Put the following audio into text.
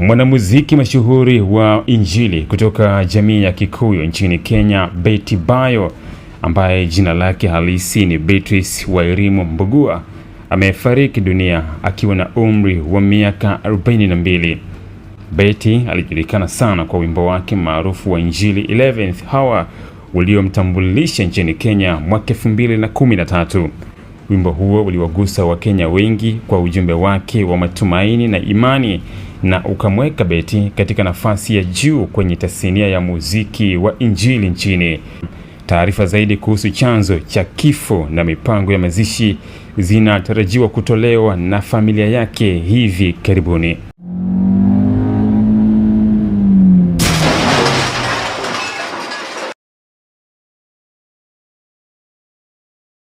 Mwanamuziki mashuhuri wa Injili kutoka jamii ya Kikuyu nchini Kenya, Betty Bayo ambaye jina lake halisi ni Beatrice Wairimu Mbugua amefariki dunia akiwa na umri wa miaka 42. Betty alijulikana sana kwa wimbo wake maarufu wa Injili 11th Hour uliomtambulisha nchini Kenya mwaka 2013. Wimbo huo uliwagusa Wakenya wengi kwa ujumbe wake wa matumaini na imani na ukamweka Beti katika nafasi ya juu kwenye tasnia ya muziki wa injili nchini. Taarifa zaidi kuhusu chanzo cha kifo na mipango ya mazishi zinatarajiwa kutolewa na familia yake hivi karibuni.